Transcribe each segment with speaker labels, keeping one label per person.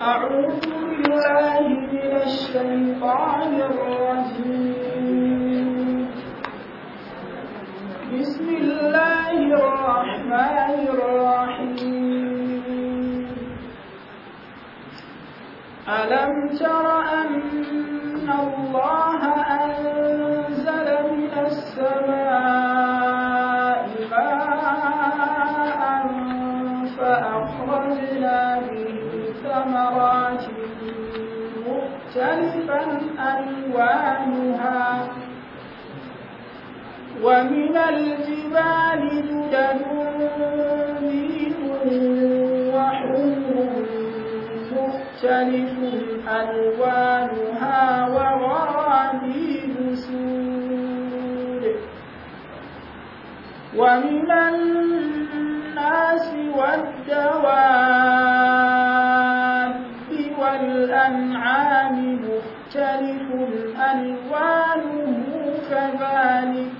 Speaker 1: أعوذ بالله من الشيطان الرجيم بسم الله الرحمن الرحيم ألم تر أن الله أنزل من السماء ماء فأخرجنا مختلفا ألوانها ومن الجبال جدد بيض وحور مختلف ألوانها وغرابيب سود ومن الناس والدواب الأنعام مختلف ألوانه كذلك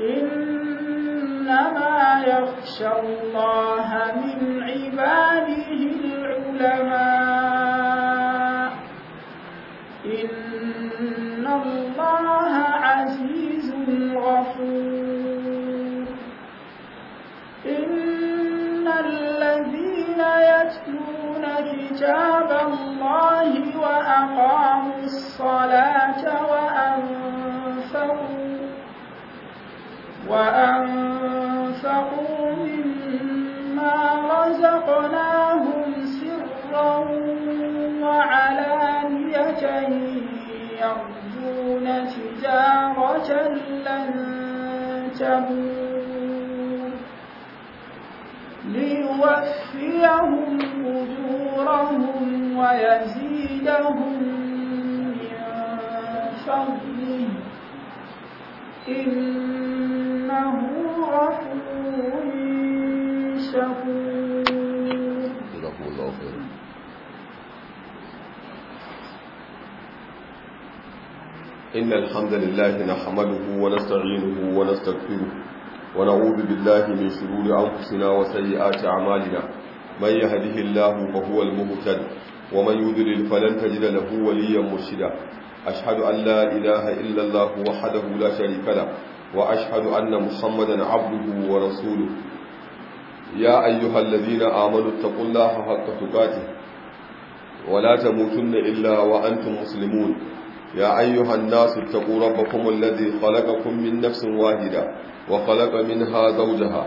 Speaker 1: إنما يخشى الله من عباده العلماء إن الله عزيز غفور إن الذين يتلون كتاب الله وأقاموا الصلاة وأنفقوا وأنفقوا مما رزقناهم سرا وعلانية يرجون تجارة لن تبور ليوفيهم أجرهم ويزيدهم من فضله إنه غفور شكور
Speaker 2: إن الحمد لله نحمده ونستعينه ونستغفره ونعوذ بالله من شرور أنفسنا وسيئات أعمالنا من يهده الله فهو المهتد ومن يذلل فلن تجد له وليا مرشدا أشهد أن لا إله إلا الله وحده لا شريك له وأشهد أن محمدا عبده ورسوله يا أيها الذين آمنوا اتقوا الله حق تقاته ولا تموتن إلا وأنتم مسلمون يا أيها الناس اتقوا ربكم الذي خلقكم من نفس واحدة وخلق منها زوجها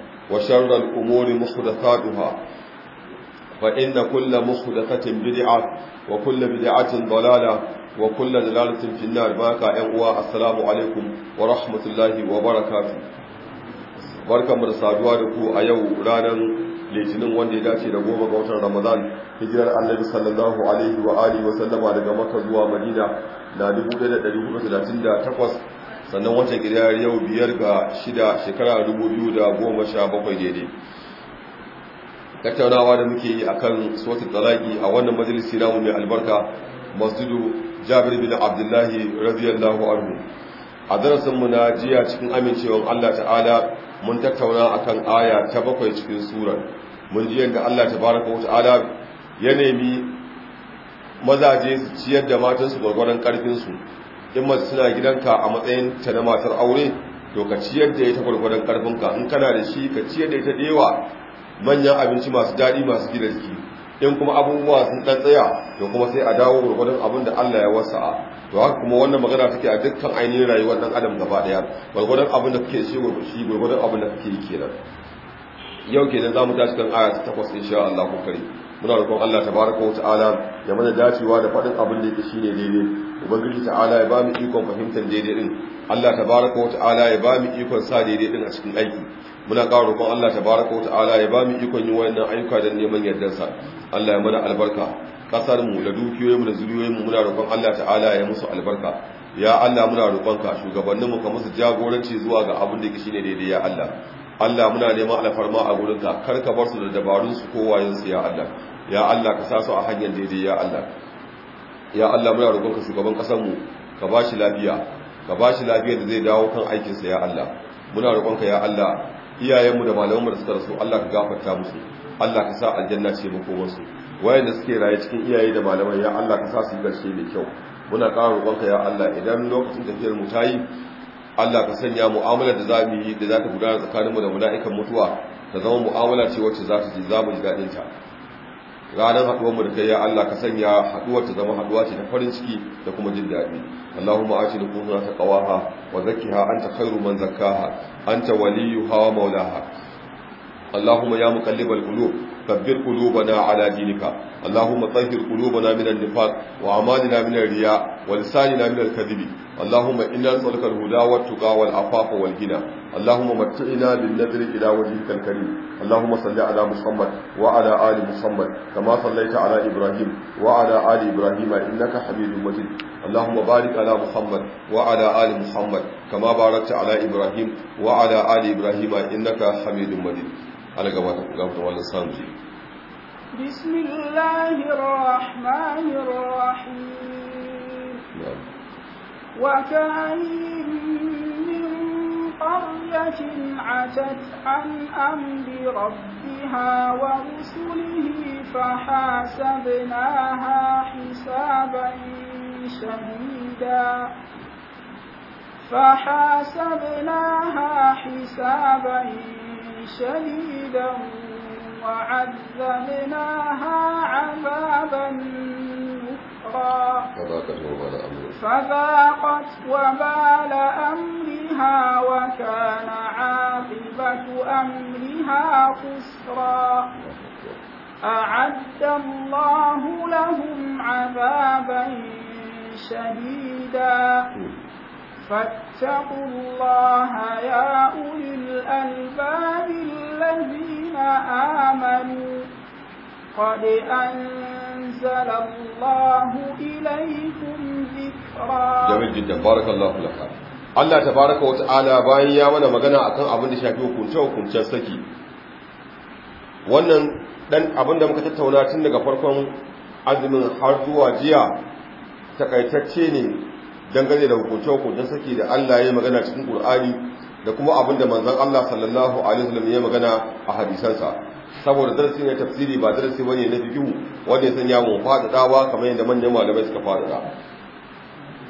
Speaker 2: وشر الأمور محدثاتها فإن كل محدثة بدعة وكل بدعة ضلالة وكل دلالة في النار باقى أنواع السلام عليكم ورحمة الله وبركاته barkan mu da saduwa da ku a yau ranar litinin wanda ya dace da goma ga watan ramadan hijirar annabi sallallahu alaihi wa wa sallama daga zuwa madina na 1438 sannan wata gidayar yau biyar ga shida shekara dubu biyu da goma sha bakwai daidai tattaunawa da muke yi a kan sautin talaki a wannan majalisi namu mai albarka masjidu jabir bin abdullahi radiyallahu anhu a darasinmu na jiya cikin amincewar Allah ta'ala mun tattauna akan aya ta bakwai cikin surar mun ji yadda Allah ta tabaraka wata'ala ya nemi mazaje su ciyar da matansu gwargwaron karfinsu in mace suna gidanka a matsayin ta na matar aure to ka ciyar da ita gwargwadon karfinka in kana da shi ka ciyar da ita da yawa manyan abinci masu daɗi masu gina jiki in kuma abubuwa sun ɗan tsaya to kuma sai a dawo gwargwadon abin da Allah ya wasa'a to haka kuma wannan magana take a dukkan ainihin rayuwar ɗan adam gaba ɗaya gwargwadon abin da kake shi gwargwadon abin da kake yi kenan yau kenan za mu tashi kan aya ta takwas insha Allah kokari muna roƙon Allah tabaraka wa ta'ala ya mana dacewa da faɗin abin da yake shine daidai ubangiji ta'ala ya ba mu ikon fahimtar daidai din Allah tabaraka wa ta'ala ya ba mu ikon sa daidai din a cikin aiki muna ƙara roƙon Allah tabaraka wa ta'ala ya ba mu ikon yin wannan ayyuka da neman sa Allah ya mana albarka kasar mu da dukiyoyin mu da zuriyoyin mu muna roƙon Allah ta'ala ya musu albarka ya Allah muna roƙonka shugabannin mu ka musu jagoranci zuwa ga abin da kishi ne daidai ya Allah Allah muna neman alfarma a ka, kar ka bar su da dabarun su ko wayen su ya Allah ya Allah ka sa su a hanyar daidai ya Allah ya Allah muna roƙonka shugaban kasar mu ka bashi lafiya ka bashi lafiya da zai dawo kan aikin sa ya Allah muna roƙonka ya Allah iyayen mu da malaman mu da suka rasu Allah ka gafarta musu Allah ka sa aljanna ce wasu su wayanda suke raye cikin iyaye da malaman ya Allah ka sa su garshe mai kyau muna ƙara roƙonka ya Allah idan lokacin tafiyar mu tayi Allah ka sanya mu'amalar da zamu yi da za ta gudana mu da mala'ikan mutuwa ta zama mu'amala ce wacce za ta ji za mu ji daɗin ta ranar haduwar mu da kai ya Allah ka sanya haduwar ta zama haduwa ce ta farin ciki da kuma jin daɗi Allahumma ati da kuma ta qawaha wa zakkiha anta khairu man zakkaha anta waliyuha wa maulaha Allahumma ya muqallibal qulub sabbir qulubana ala dinika allahumma tahhir qulubana min an-nifaq wa amalina min ar-riya wa lisanina min al-kadhib allahumma inna nas'aluka al-huda wat-tuqa wal-afafa wal-ghina allahumma mat'ina bin-nadri ila wajhika al-karim allahumma salli ala muhammad wa ala kama sallaita ala ibrahim wa ibrahim innaka hamidum اللهم بارك على محمد وعلى آل محمد كما باركت على إبراهيم وعلى آل إبراهيم إنك حميد مجيد على قبض والإنسان دي
Speaker 1: بسم الله الرحمن الرحيم نعم وكأين من قرية عتت عن أمر ربها ورسله فحاسبناها حسابا شديدا فحاسبناها حسابا شديدا وعذبناها عذابا نكرا فذاقت وبال أمرها وكان عاقبة أمرها خسرا أعد الله لهم عذابا شديدا فاتقوا الله يا أولي الألباب الذين آمنوا قد أنزل الله إليكم ذكرا جميل
Speaker 2: جدا بارك الله لك Allah baraka wa ta'ala bayan ya mana magana a kan abin da shafi hukunce hukuncen saki wannan ɗan abin da muka tattauna tun daga farkon azumin har zuwa jiya takaitacce ne dangane da hukunce-hukuncen saki da Allah ya magana cikin ƙul'ari da kuma abin da manzon Allah sallallahu alaihi wasallam ya magana a hadisansa saboda darasi ne tafsiri ba darasi bane na fiqh wanda ya sanya mu faɗaɗawa kamar yadda manyan malamai suka faɗaɗa.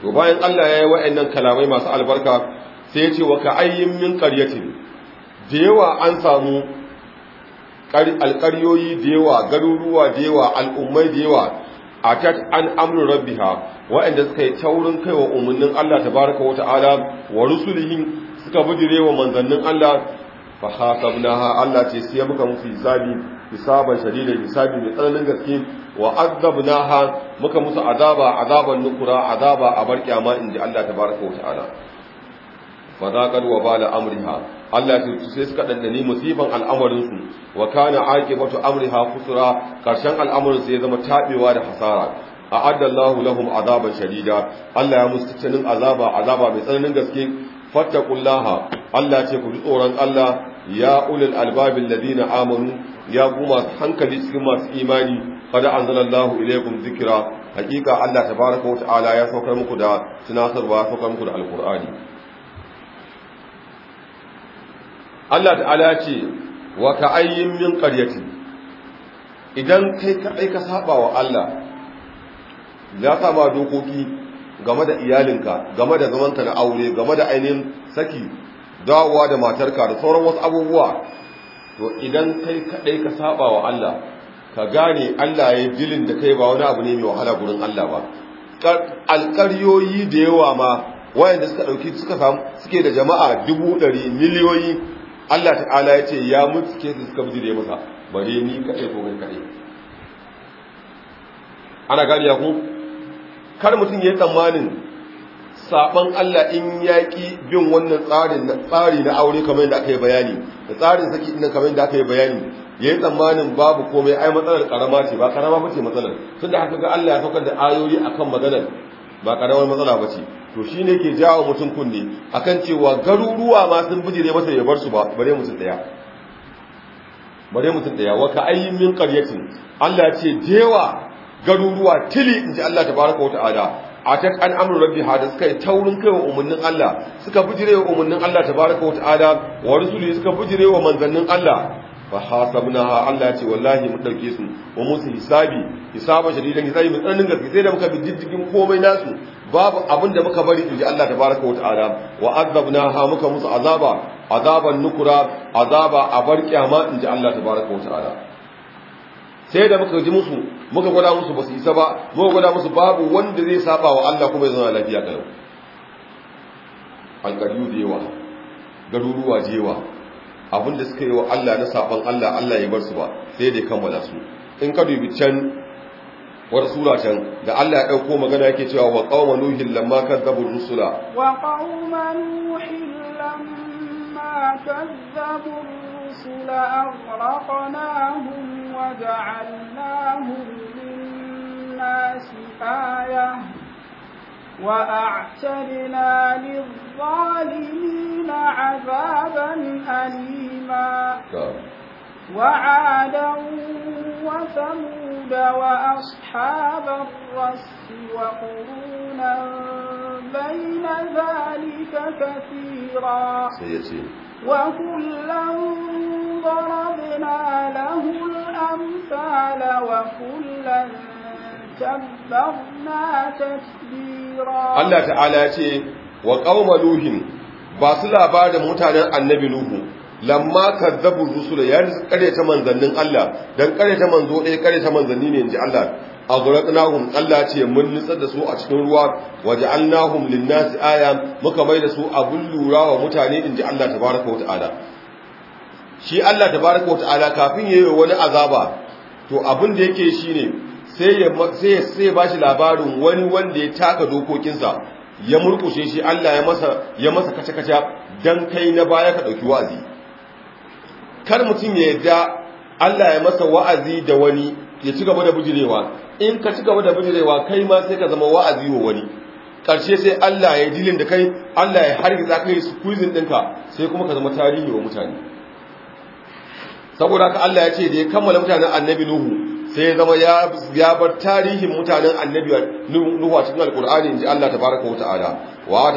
Speaker 2: to bayan Allah ya yi wa'annan kalamai masu albarka sai ya ce wa ka'ayyin min qaryatin da yawa an samu alƙaryoyi da yawa garuruwa da yawa al'ummai da yawa A atat an amru rabbiha wa'anda suka yi taurin kaiwa umarnin Allah tabaraka wa ta'ala wa rusulihin suka bujire wa manzannin Allah fa hasabnaha Allah ce sai muka musu hisabi hisaban shadidan hisabi mai tsananin gaske wa azabnaha muka musu azaba azaban nukura azaba a bar kiyama inji Allah tabaraka wa ta'ala fa zaqad wa bala amriha Allah ya sai suka dandane musifan al'amarin su wa kana amri amriha kusura. karshen al'amarin sai ya zama tabewa da hasara A Allahu lahum azaban shadida Allah ya musu tsananin azaba azaba mai tsananin gaske fattaqullaha Allah ce ku tsoron Allah ya ulul albabil ladina amanu ya kuma hankali cikin masu imani qad anzalallahu ilaykum zikira. hakika Allah tabaaraka wa ta'ala ya saukar muku da tunatarwa ya saukar muku da alqur'ani Allah ta'ala ce wa ka ayyin min qaryati idan kai ka aika saba wa Allah ya sama dokoki game da iyalinka game da zamanka na aure game da ainihin saki dawowa da matarka da sauran wasu abubuwa to idan kai kadai ka saba wa Allah ka gane Allah ya jilin da kai ba wani abu ne mai wahala gurin Allah ba alƙaryoyi da yawa ma wayanda suka dauki suka samu suke da jama'a dubu ɗari miliyoyi Allah ta'ala ya ce ya mutuke su suka jire masa bare ni kaɗai ko kai kaɗai ana gani ya ku kar mutum ya yi tsammanin saban Allah in yaƙi bin wannan tsarin na tsari na aure kamar yadda aka yi bayani da tsarin saki ina kamar yadda aka yi bayani ya yi tsammanin babu komai ai matsalar ƙarama ce ba ƙarama ba ce matsalar tunda haka ga Allah ya saukar da ayoyi akan maganar ba karamar matsala ba ce to shi ne ke jawo mutum kunne kan cewa garuruwa ma sun bijire masa ya bar su ba bare mutum daya bare mutum daya wa ka ayyin min ƙaryatin Allah ce jewa garuruwa tili in ji Allah bari wa ada, a ta an amur rabbi hada suka yi taurin kai wa umarnin Allah suka bijire wa umarnin Allah ta tabaraka wa ada, wa rusuli suka bijire wa manzannin Allah fa Allah ya ce wallahi mu dauke su wa musu hisabi hisaba shadidan hisabi mun tsananin gaske sai da muka bi diddigin komai nasu babu abin da muka bari inji Allah tabaraka wa ta'ala wa ha muka musu azaba azaban nukura azaba a bar kiyama inji Allah tabaraka wa ta'ala sai da muka ji musu muka gwada musu basu isa ba muka gwada musu babu wanda zai saba wa Allah kuma ya zama lafiya an alƙariyu da yawa garuruwa da abin da suka yi wa Allah na saban Allah Allah ya bar su ba sai dai kammala su in ka dubi can war sura can da Allah ya dauko magana yake cewa wa qauma nuhin lamma kadzabu rusula
Speaker 1: wa qauma nuhin lamma kadzabu rusula aghraqnahum wa ja'alnahum lin-nasi ayatan وأعتدنا للظالمين عذابا أليما وعادا وثمود وأصحاب الرس وقرونا بين ذلك كثيرا وكلا ضربنا له الأمثال وكلا Allah ta'ala ya
Speaker 2: ce wa qauma nuhin ba su labarin mutanen annabi nuhu lamma kazzabu rusul ya ta manzannin Allah dan ta manzo ɗaya ta manzanni ne inji Allah azraqnahum Allah ce mun nitsar da su a cikin ruwa waja'alnahum linnasi nasi aya muka mai da su abun lura wa mutane inji Allah tabaraka wa ta'ala shi Allah tabaraka wa ta'ala kafin yayin wani azaba to abin da yake shine sai ya shi labarin wani wanda ya taka dokokinsa ya murkushe shi Allah ya masa kace-kace don kai na baya ka ɗauki wa'azi kar mutum ya yadda Allah ya masa wa'azi da wani ya ci gaba da bujirewa in ka ci gaba da bujirewa kai ma sai ka zama wa'azi wa wani ƙarshe sai Allah ya dilin da kai Allah ya hargitsa kai su kuzin ɗinka sai kuma ka zama tarihi wa mutane saboda haka Allah ya ce da ya kammala mutanen annabi Nuhu sai ya zama ya bar tarihin mutanen annabi nuhu a cikin alkur'ani ji Allah tabaraka wa ta'ala wa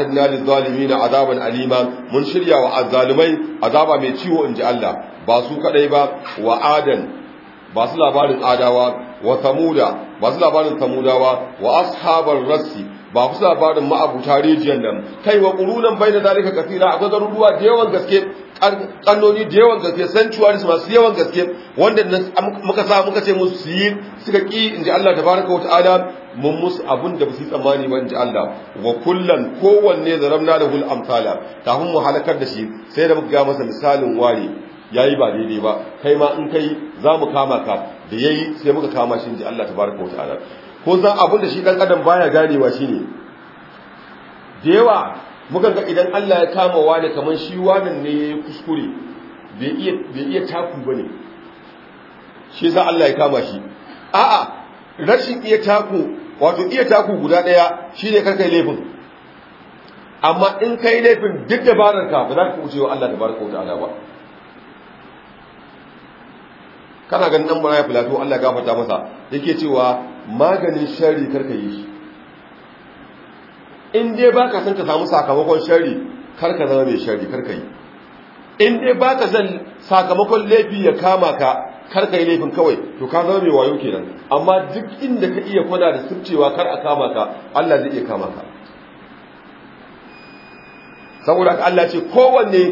Speaker 2: zalimi na azaban alima mun shirya wa azalimai azaba mai ciwo in ji Allah ba su kadai ba wa adan ba su labarin adawa wa samuda ba su labarin samudawa wa ashabar rassi ba su labarin ma'abuta rijiyar nan kai wa bai da zalika kafira akwai garuruwa da yawan gaske kannoni da yawan gaske sanctuaries masu yawan gaske wanda muka sa muka ce musu su yi suka ki ji Allah tabaraka wa ta'ala mun musu abun da basu tsammani ba ji Allah wa kullan kowanne zaramna da hul amsala kafin mu halakar da shi sai da muka ga masa misalin ware yayi ba daidai ba kai ma in kai za mu kama ka da yayi sai muka kama shi in ji Allah tabaraka wa ta'ala ko za abun da shi dan adam baya ganewa shine da yawa mukan ga idan Allah ya kama wani kamar shi wani ne ya yi kuskure bai iya taku ba ne. shi za Allah ya kama shi a'a rashin iya taku wato iya taku guda daya shine karkai laifin amma in ka yi laifin duk dabarar ka ba za ka kuce wa Allah da wata ala ba kana ganin dan bana ya filato Allah gafarta masa yake cewa maganin sharri karka yi shi in dai ba ka san ka samu sakamakon shari kar ka zama mai shari kar ka yi in dai ba ka san sakamakon laifi ya kama ka kar ka yi laifin kawai to ka zama mai wayo kenan amma duk inda ka iya kwana da sircewa kar a kama ka Allah zai iya kama ka saboda ka Allah ce kowanne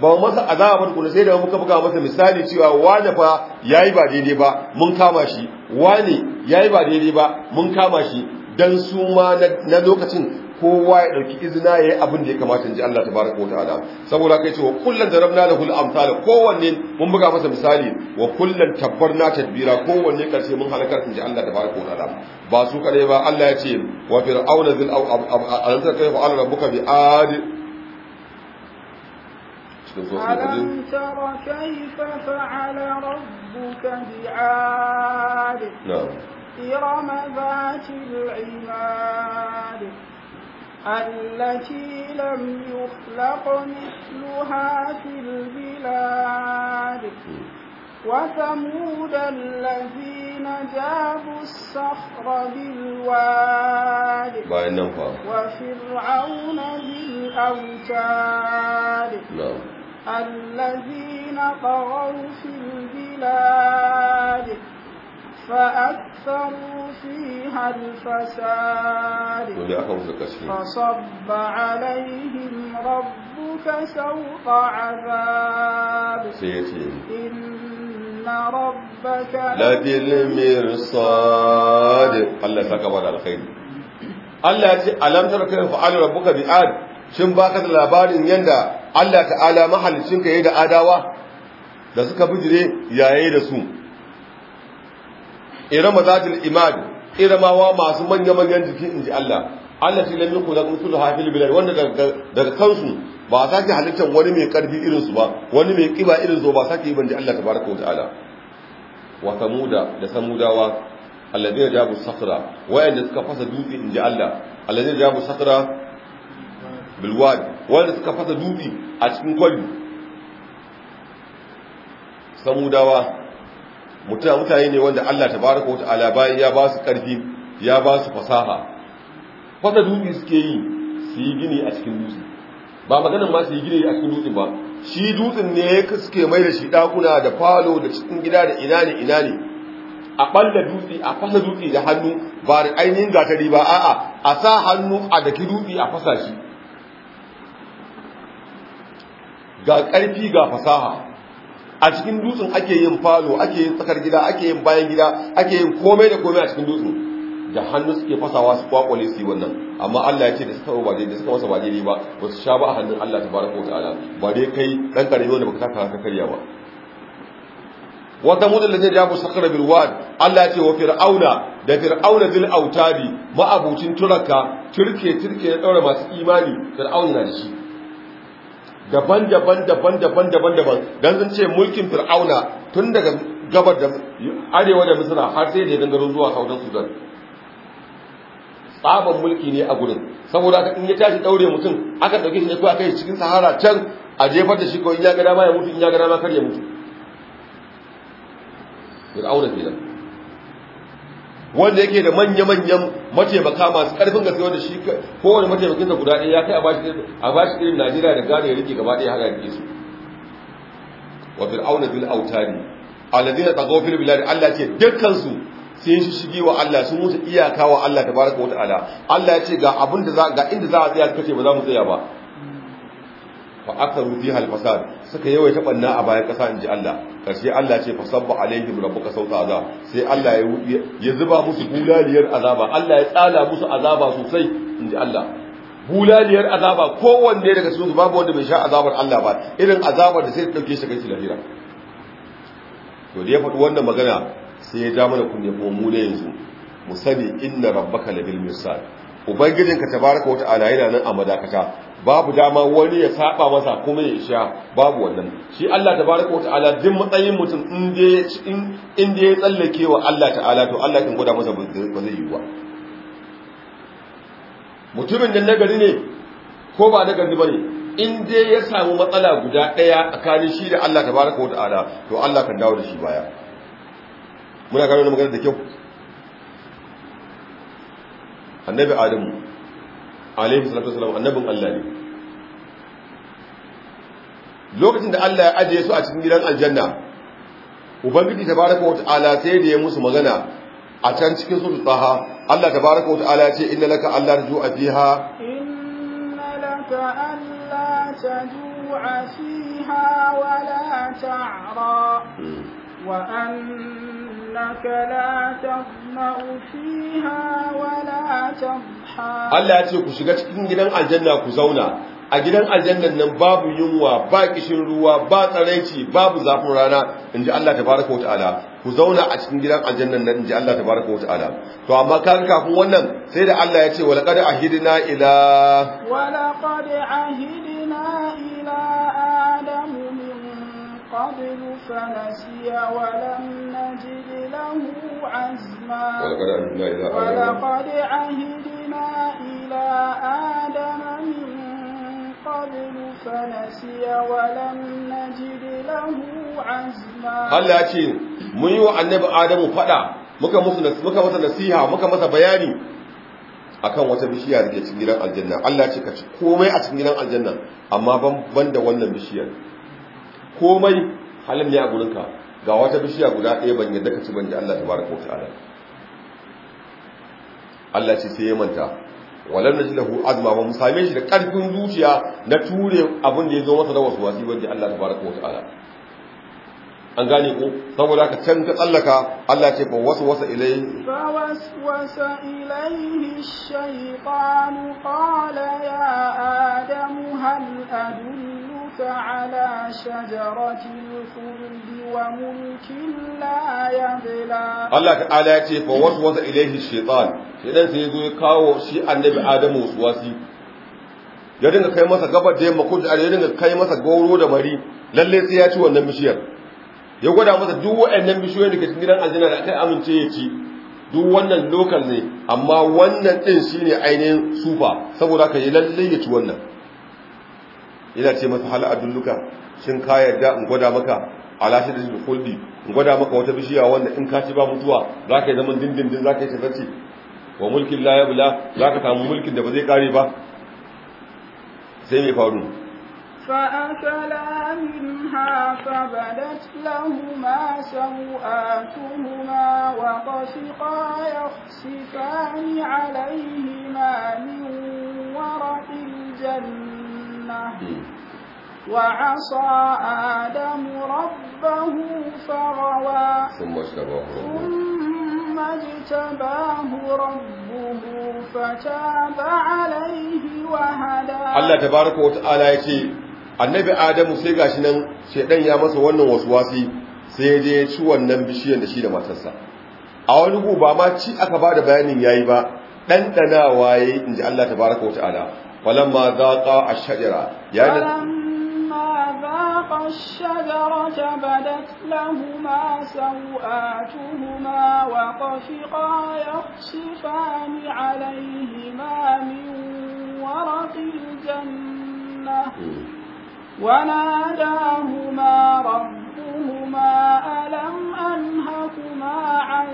Speaker 2: ba mu masa azaba ba tukuna sai da muka buga masa misali cewa wane fa yayi ba daidai ba mun kama shi wane yayi ba daidai ba mun kama shi dan su ma na lokacin kowa ya dauki izina yayi abin da ya kamata inji Allah tabaraka wataala saboda kai ce wa kullan darabna lahu al-amsal kowanne mun buga masa misali wa kullan tabbarna tadbira kowanne karshe mun halakar inji Allah tabaraka wataala ba su kadai ba Allah ya ce wa fir'auna zil au alantar kai fa'al rabbuka bi ad ألم
Speaker 1: تر كيف فعل ربك بعاد نعم إرم ذات العماد التي لم يخلق مثلها في البلاد وثمود الذين جابوا الصخر بالواد وفرعون بالأوتاد نعم. الذين طغوا في البلاد فأكثروا فيها الفساد فصب عليهم ربك سوط عذاب إن ربك قال
Speaker 2: الله سكبر الخير Allah ya ce alam tara kai fa'al rabbuka bi'ad shin baka da labarin yanda Allah ta'ala mahallicin ka yayi da adawa da suka bijire yayi da su irama zatul imad wa masu manya manyan jiki inji Allah Allah ta lamin ku da mutu hafil bilal wanda daga kansu ba za ki halittar wani mai karfi irin su ba wani mai kiba irin su ba sake yi banji Allah tabaraka wataala wa samuda da samudawa alladheena jabu wa wayanda suka fasa dutse inji Allah alladheena jabu sakra bilwad wanda suka fasa dutse a cikin kwali samudawa mutum mutane ne wanda Allah ta tabaraka wata'ala bayan ya ba su karfi ya ba su fasaha fasa dubi suke yi su yi gini a cikin dutsen ba maganin ma su yi gini a cikin dutsen ba shi dutsen ne suke mai da shi dakuna da falo da cikin gida da ina ne ina ne a ɓalla dutse a fasa dutse da hannu ba da ainihin gatari ba a'a a sa hannu a daki dutse a fasa shi ga ƙarfi ga fasaha a cikin dutsen ake yin falo ake yin tsakar gida ake yin bayan gida ake yin komai da komai a cikin dutsen da hannu suke fasawa su kwakwale su yi wannan amma Allah ya ce da suka ba da suka masa ba daidai ba ba su sha ba a hannun Allah tabaraka wa ta'ala ba dai kai dan karami wanda baka ka ka karya ba wa tamud allazi jabu sakhra bil wad Allah ya ce wa fir'auna da fir'auna zil autabi ma'abucin turaka turke turke ya daura masu imani fir'auna na da shi daban-daban daban-daban daban-daban dan sun ce mulkin fir'auna tun daga gabar da arewa da misra har sai da dangaro zuwa saudan sudan tsaban mulki ne a gurin saboda haka in ya tashi daure mutum aka dauke shi ne ko aka yi cikin sahara can a jefar da shi ko in ya ga dama ya mutu in ya ga dama kar ya mutu fir'auna kenan wanda yake da manya-manyan mataimaka masu karfin gaske wanda shi kowane mataimakin da guda ɗaya ya kai a bashi irin najeriya da gane ya rike gaba ɗaya hada yake su wa fir'auna bil Autari, alladhina tagaw fil bilad Allah ce dukkan su sai shi shige wa Allah sun wuce iyaka wa Allah tabaraka wa ta'ala Allah ya ce ga abin da za ga inda za a tsaya kace ba za mu tsaya ba fa rufi rufi al-fasad suka yawaita banna a bayan kasa inji Allah karshe Allah ce fa sabba alaihim rabbuka sauta azab sai Allah ya ya zuba musu bulaliyar azaba Allah ya tsala musu azaba sosai inji Allah bulaliyar azaba kowanne daga cikin babu wanda bai sha azabar Allah ba irin azabar da sai ta dauke shi kai lahira to da ya faɗi wannan magana sai ya ja mana kunne kuma mu ne yanzu mu sani inna rabbaka labil mirsad ubangijinka tabaraka wata ala yana nan a madakata babu dama wani ya saba masa kuma ya sha babu wannan shi Allah tabaraka wa ta'ala duk matsayin mutum in ya tsallake wa Allah ta'ala to Allah kin gwada masa ba zai yi ba mutumin da nagari ne ko ba nagari bane in dai ya samu matsala guda daya tsakanin shi da Allah tabaraka wa ta'ala to Allah kan dawo da shi baya muna gano magana da kyau annabi adamu alaihi salatu wasallam annabin Allah ne lokacin da Allah ya ajiye su a cikin gidan aljanna ubangiji tabaraka wa ta'ala sai da ya musu magana a can cikin sura tsaha, Allah tabaraka wa ta'ala ya ce inna laka Allah tarju'a fiha
Speaker 1: inna laka alla tarju'a fiha wa la ta'ra hmm. wa annaka la Allah
Speaker 2: ya ce ku shiga cikin gidan aljanna ku zauna a gidan aljannan nan babu yunwa ba kishin ruwa ba tsaraici babu zafin rana inji Allah tabaraka wataala ku zauna a cikin gidan aljannan nan inji Allah tabaraka wataala to amma kan kafin wannan sai da Allah ya ce wa laqad ahidna ila
Speaker 1: wa laqad ahidna ila adam قبل فنسي ولم نجد له عزما ولقد عهدنا إلى آدم من قبل فنسي ولم نجد له عزما هل
Speaker 2: لكن من يوى النبي آدم فدا muka masa nasiha muka masa bayani akan wata bishiya da ke cikin gidan aljanna Allah ya ce ka ci komai a cikin gidan aljanna amma ban da wannan bishiyar komai halin ne a gurinka ga wata bishiya guda ɗaya ban yadda ka ci ban ji Allah baraka wa ta'ala Allah ce sai ya manta walam najlahu azma ba mu same shi da ƙarfin zuciya na ture abin da ya zo masa da wasu wasi ban ji Allah ta baraka wa ta'ala an gane ku saboda ka can ta tsallaka Allah ce fa wasu wasa ilai
Speaker 1: fa wasu wasa ilaihi shaytanu qala ya adamu hal adulluka ala shajaratil khuldi wa mulkin la yabla Allah ya ce fa wasu wasa
Speaker 2: shaitan shi dan sai zo ya kawo shi annabi Adamu wasuwasi ya dinga kai masa gabar da yamma kudu ya dinga kai masa goro da mari lalle sai ya ci wannan bishiyar ya gwada masa duk waɗannan bishiyoyin da ke cikin gidan aljanna da aka amince ya ci duk wannan lokal ne amma wannan din shine ainihin sufa saboda ka yi lalle ya ci wannan ina ce masa hal adulluka shin ka yarda in gwada maka alashi da khuldi in gwada maka wata bishiya wanda in ka ci ba mutuwa zaka yi zaman dindindin zaka yi tazarci wa mulkin la yabla zaka samu mulkin da ba zai kare ba sai mai faru
Speaker 1: فأكلا منها فبدت لهما سوآتهما وقصقا يخسفان عليهما من ورق الجنة وعصى آدم ربه فغوى
Speaker 2: ثم اجتباه
Speaker 1: ثم اجتباه ربه فتاب عليه وهدى الله
Speaker 2: تبارك وتعالى يقول annabi adamu sai gashi nan shedan ya masa wannan wasu wasi, sai ya je ci wannan bishiyar da shi da matarsa a wani gu ba ma ci aka ba da bayanin yayi ba ɗanɗanawa waye yi in ji Allah ta baraka wa ta'ala falamma zaqa ash-shajara ya
Speaker 1: فاق الشجرة بدت لهما سوآتهما وطفقا يخصفان عليهما من ورق الجنة وناداهما ربهما ألم أنهكما عن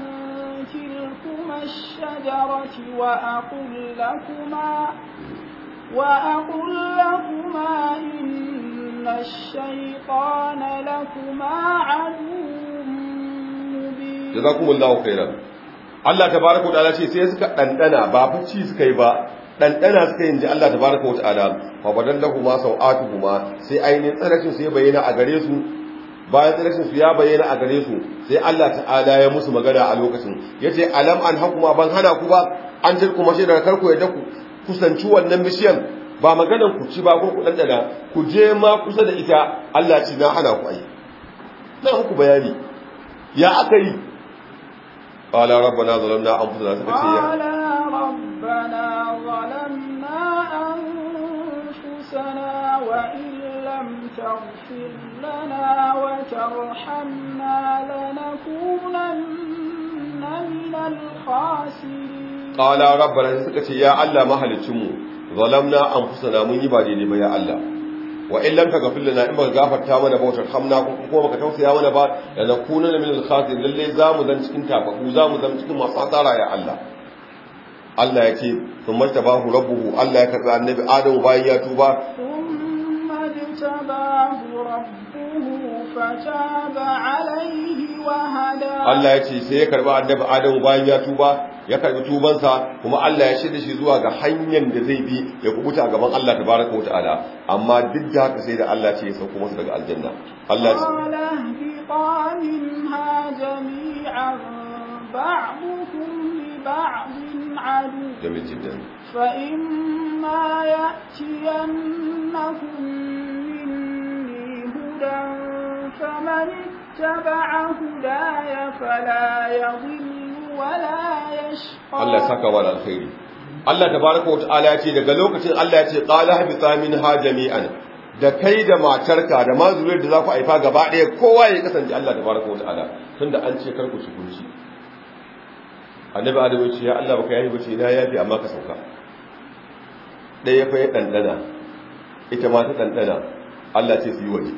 Speaker 1: تلكما الشجرة وأقل لكما وأقل لكما إن الشيطان لكما عدو
Speaker 2: مبين جزاكم الله خيرا Allah tabaraka wa ta'ala ce sai suka dandana ba bacci suka yi ba ɗanɗana suka yin ji Allah ta baraka wata ala ba don lahu masu sau'atu kuma sai ainihin tsarashin su ya bayyana a gare su bayan tsarashin su ya bayyana a gare su sai Allah ta'ala ya musu magana a lokacin Ya ce, alam an ma ban hana ku ba an ce kuma shi daga karku ya daku kusanci wannan mishiyan ba maganan ku ci ba ko ku ɗanɗana ku je ma kusa da ita Allah ci na hana ku ai na muku bayani ya aka yi قال ربنا ظلمنا أنفسنا ya
Speaker 1: ربنا ظلمنا أنفسنا وإن لم تغفر لنا وترحمنا لنكونن من الخاسرين
Speaker 2: قال ربنا سكت يا الله ما هلتمو ظلمنا أنفسنا من يبادي لما يا الله wa in lam taghfir lana in baka gafarta mana ba hamna ko baka tausaya mana ba da nakuna min al-khasirin lalle zamu zan cikin tafaku zamu zan cikin masu ya Allah Allah ya ce sun mashi tabahu rabbuhu Allah ya karɓi annabi adamu bayan ya tuba Allah ya ce sai ya karɓi annabi adamu bayan ya tuba ya karɓi tubansa kuma Allah ya shirya shi zuwa ga hanyar da zai bi ya kubuta a gaban Allah tabaraka wa ta'ala amma duk da haka sai da Allah ce ya sauko masa daga aljanna Allah
Speaker 1: ya ce عدو جميل جدا فإما يأتينكم مني هدى فمن اتبع هداي فلا يضل ولا
Speaker 2: يشقى الله سكى ولا الخير Allah tabaraka wa ta'ala ya ce daga lokacin Allah ya ce qala habita ha jami'an da kai da matarka da mazuriyar da za ku haifa gaba ɗaya kowa ya kasance Allah tabaraka wa ta'ala tunda an ce kar ku ci kunci annabi adam ya ce ya Allah baka yafi bace na yafi amma ka sauka ɗaya fa ya ɗanɗana ita ma ta ɗanɗana Allah ce su yi waje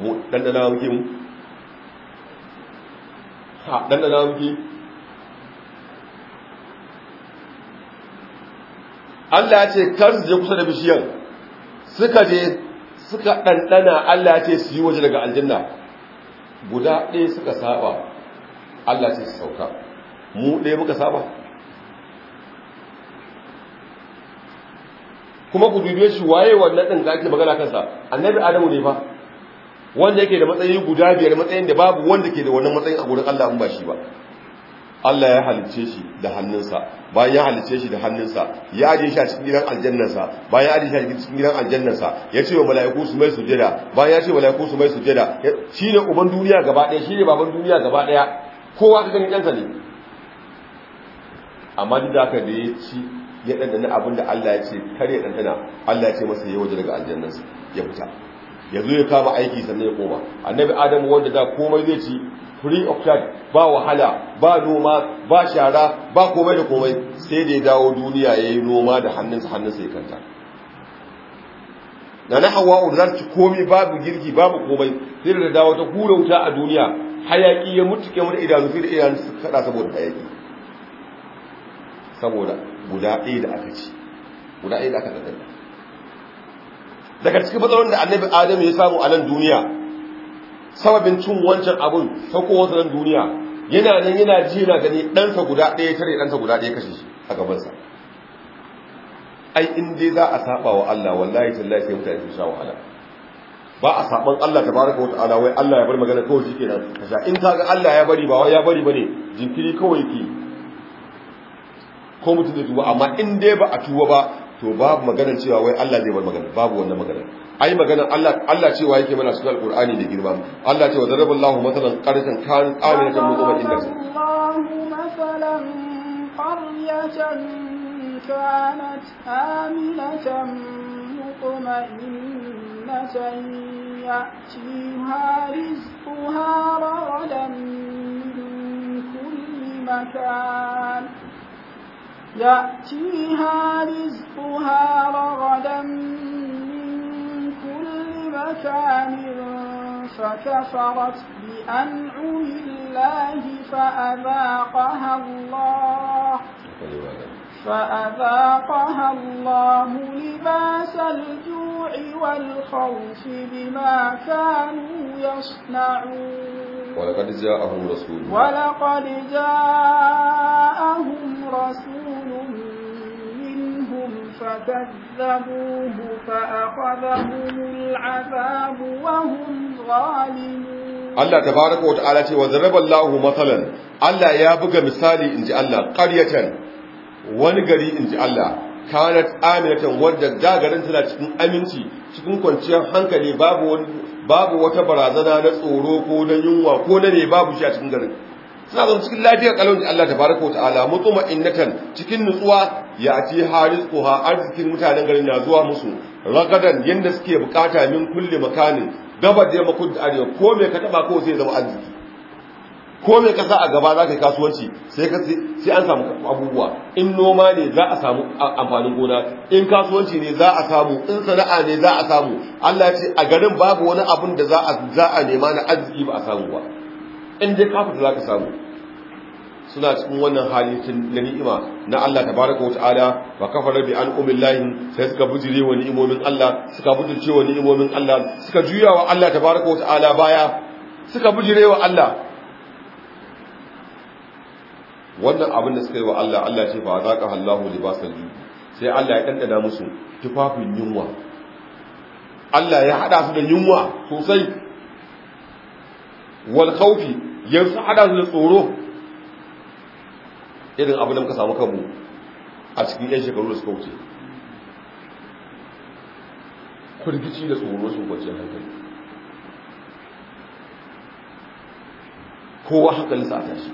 Speaker 2: mu ɗanɗana muke mu ha dandana muke Allah ya ce kar su je kusa da bishiyar suka je suka ɗanɗana Allah ya ce su yi waje daga aljanna guda ɗaya suka saba Allah ce su sauka mu ɗaya muka saba kuma ku dubiye shi waye wannan ɗin da ake magana kansa annabi adamu ne fa wanda yake da matsayi guda biyar matsayin da babu wanda ke da wannan matsayin a gurin Allah in ba shi ba Allah ya halice shi da hannunsa bayan ya halice shi da hannunsa ya aje shi a cikin gidan aljannarsa bayan ya aje shi a cikin gidan aljannarsa ya ce wa mala'iku su mai sujada bayan ya ce wa mala'iku su mai sujada shine uban duniya gaba ɗaya shine baban duniya gaba ɗaya kowa ka gani ɗansa ne amma duk da da ya ci ya ɗanɗana abin da Allah ya ce kar ya ɗanɗana Allah ya ce masa ya waje daga aljannansa ya fita ya zo ya kama aiki sannan ya koma annabi adam wanda da komai zai ci free of charge ba wahala ba noma ba shara ba komai da komai sai da ya dawo duniya ya yi noma da hannunsa hannunsa ya kanta na na hawa za ci komai babu girki babu komai sai da dawo ta hura wuta a duniya hayaki ya mutu kemur idanu sai da idanu su kada saboda hayaki saboda guda ɗaya da aka ci guda ɗaya da aka tsaddada daga cikin matsalolin da annabi adam ya samu a nan duniya sababin cin wancan abun wasu nan duniya yana nan yana ji yana gani ɗansa guda ɗaya tare ɗansa guda ɗaya kashe shi a gabansa ai in dai za a saba wa Allah wallahi tallahi sai mutane sun sha wahala ba a saban Allah tabaraka wa ta'ala wai Allah ya bar magana kawai shikenan kasha in ga Allah ya bari ba wai ya bari bane jinkiri kawai ki. ko mutum zai tuba amma in dai ba a tuba ba to babu maganar cewa wai Allah zai bar magana babu wannan maganar ai maganar Allah Allah cewa yake mana sunan alqur'ani da girma Allah cewa daraballahu matalan qaratan kan qaminatan mutma'innatan
Speaker 1: Allahu masalan qaryatan kanat aminatan mutma'innatan ya'tiha rizquha ragadan min kulli makan يأتيها رزقها رغدا من كل مكان فكفرت بأنعم الله فأذاقها الله فأذاقها الله لباس الجوع والخوف بما كانوا يصنعون
Speaker 2: ولقد جاءهم رسول
Speaker 1: ولقد جاءهم رسول فكذبوه فأخذهم العذاب وهم ظالمون
Speaker 2: Allah baraka wa ta'ala ce wa zaraba Allahu matsalan Allah ya buga misali in ji Allah qaryatan wani gari in ji Allah kanat aminatan da garin tana cikin aminci cikin kwanciyar hankali babu babu wata barazana na tsoro ko na yunwa ko na ne babu shi a cikin garin suna zama cikin lafiyar kalon da Allah tabaraka wata'ala mutuma innatan cikin nutsuwa ya ce haris ko ha arzikin mutanen garin na zuwa musu ragadan yadda suke bukata min kulle makanin gaba da yamma kudu arewa ko me ka taba ko sai zama arziki ko me ka a gaba za ka yi kasuwanci sai an samu abubuwa in noma ne za a samu amfanin gona in kasuwanci ne za a samu in sana'a ne za a samu Allah ya ce a garin babu wani abun da za a nema na arziki ba a samu ba inda dai kafin za ka samu suna cikin wannan hali na ni'ima na Allah tabaraka wata'ala ba kafara bi an umillahi sai suka bujire wa ni'imomin Allah suka bujirce wa ni'imomin Allah suka juya wa Allah tabaraka wata'ala baya suka bujire wa Allah wannan abin da suka yi wa Allah Allah ce ba fa zaqa Allahu libasal ju sai Allah ya ɗanɗana musu tufafin yunwa Allah ya hada su da yunwa sosai wal khawfi yanzu hada da tsoro irin abin da muka samu kanmu a cikin yan shekaru da suka wuce kurgici da tsoro su kwanciyar hankali kowa hankalinsa a tashi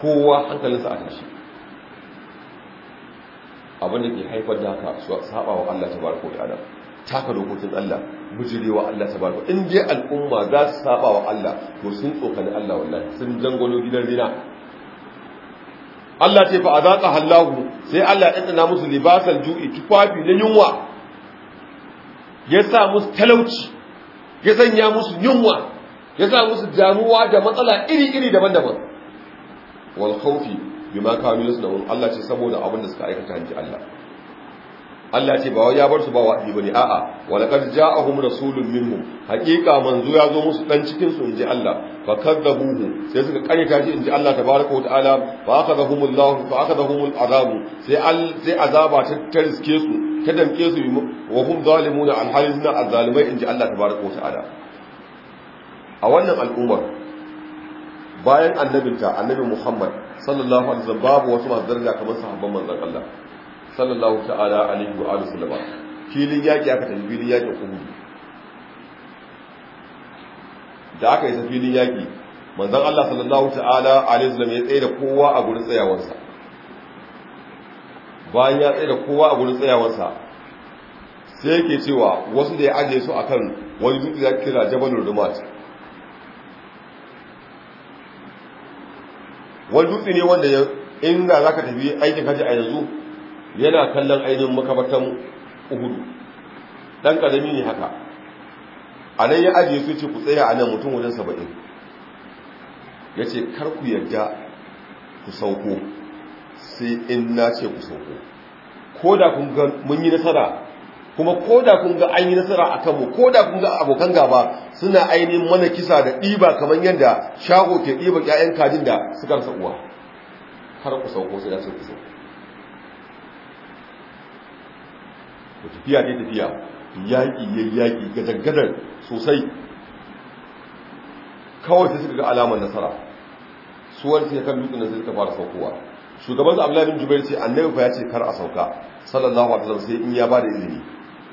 Speaker 2: kowa hankalinsa a tashi abinda ke haifar da haka su saba wa Allah ta barko da adam taka dokokin Allah bujirewa Allah ta baraka in dai al'umma za su saba wa Allah to sun tsokani Allah wallahi sun jangolo gidan rina Allah ce fa azaka hallahu sai Allah ya tsana musu libasal ju'i tufafi na yunwa ya sa musu talauci ya sanya musu yunwa ya sa musu damuwa da matsala iri-iri daban-daban wal khawfi bima kanu yasnaun Allah ce saboda abin da suka aikata hanji Allah Allah ce ba wai ya bar su ba wa'idi bane a'a walaqad ja'ahum rasulun minhum haqiqa manzo ya zo musu dan cikin su inji Allah fa kadzabuhu sai suka kareta shi inji Allah tabaaraka wa ta'ala fa akhadhahumullahu fa akhadhahumul azabu sai sai azaba ta tarske su ta damke su wa hum zalimuna al halizna azzalimai inji Allah tabaaraka wa ta'ala a wannan al'ummar bayan annabinta annabi Muhammad sallallahu alaihi wasallam babu wasu masu daraja kamar sahabban manzon Allah sallallahu ta'ala alaihi wa alihi sallama filin yaki aka tafi filin yaki uhud da aka isa filin yaki manzon Allah sallallahu ta'ala alaihi wasallam ya tsaye da kowa a gurin tsayawarsa bayan ya tsaye da kowa a gurin tsayawarsa sai yake cewa wasu da ya aje su akan wani dutse ya kira jabalul rumat wani dutse ne wanda ya inda za ka tafi aikin hajji a yanzu yana kallon ainihin makamatan uhudu Ɗan ƙarami ne haka a nan ya ajiye su ce ku tsaya a nan mutum wajen saba'in ya ce karku yarda ku sauko sai in na ce ku sauko ko da kun ga mun yi nasara kuma ko da kun ga an yi nasara a kanmu ko da kun ga abokan gaba suna ainihin mana kisa da ɗiba kamar yadda shago ke ɗiba 'ya'yan kajin da suka rasa uwa har ku sauko sai ya ce ku sauko da tafiya ne tafiya yaƙi ya yaƙi gajagadar sosai kawai sai suka ga alamar nasara suwar sai kan dutsen sai suka fara saukowa shugaban da abdullahi bin jubair ce annabi fa ya ce kar a sauka sallallahu alaihi wasallam sai in ya ba da izini